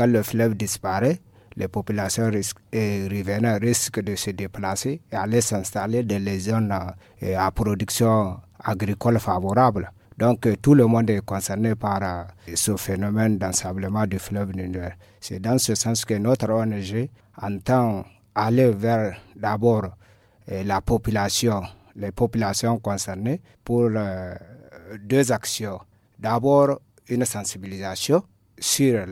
Quand le fleuve disparaît, les populations riveraines risquent de se déplacer et aller s'installer dans les zones euh, à production agricole favorable. Donc euh, tout le monde est concerné par euh, ce phénomène d'ensablement du fleuve Nunuel. C'est dans ce sens que notre ONG entend aller vers d'abord la population, les populations concernées pour deux actions. D'abord une sensibilisation sur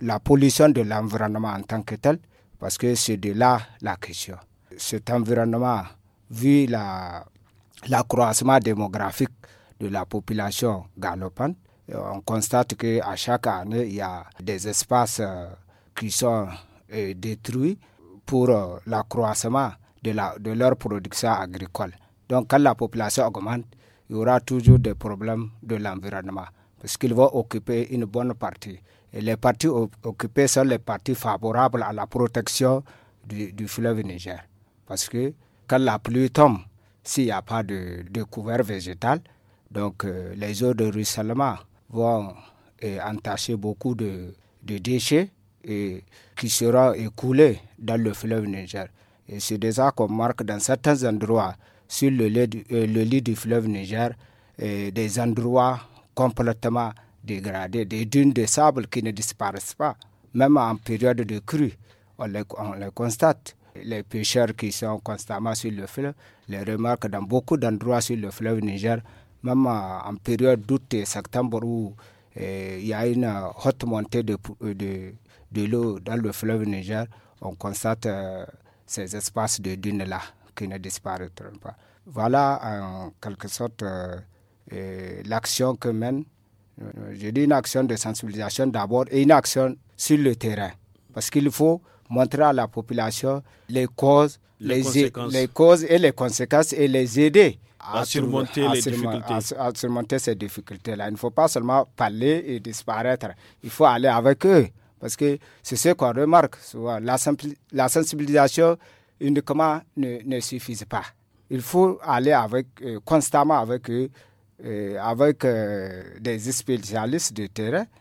la pollution de l'environnement en tant que tel, parce que c'est de là la question. Cet environnement, vu l'accroissement démographique de la population galopante, euh, on constate qu'à chaque année, il y a des espaces euh, qui sont euh, détruits pour l'accroissement de, de leur production agricole. Donc quand la population augmente, il y aura toujours des problèmes de l'environnement parce qu'ils vont occuper une bonne partie. Et les parties occupées sont les parties favorables à la protection du, fleuve Niger. Parce que quand la pluie tombe, s'il n'y a pas de, couvert végétal, donc euh, les eaux de ruissellement vont euh, entacher beaucoup de, déchets et, qui seront écoulés dans le fleuve Niger. Et c'est déjà qu'on marque dans certains endroits, sur le euh, lit du fleuve Niger, des endroits complètement dégradés, des dunes de sable qui ne disparaissent pas, même en période de crue. On les, constate. Les pêcheurs qui sont constamment sur le fleuve les remarquent dans beaucoup d'endroits sur le fleuve Niger, même en période d'août et septembre où eh, il y a une euh, haute montée de, euh, de, de l'eau dans le fleuve Niger, on constate euh, ces espaces de dunes-là qui ne disparaîtront pas. Voilà en quelque sorte l'action que mène, euh, je dis une action de sensibilisation d'abord et une action sur le terrain. Parce qu'il faut montrer à la population les causes, les, causes et les conséquences et les aider à, surmonter les difficultés. À, surmonter ces difficultés-là. Il ne faut pas seulement parler et disparaître. Il faut aller avec eux. Parce que c'est ce qu'on remarque souvent. La, sensibilisation uniquement ne, ne suffit pas. Il faut aller avec euh, constamment avec eux, euh, avec euh, des spécialistes de terrain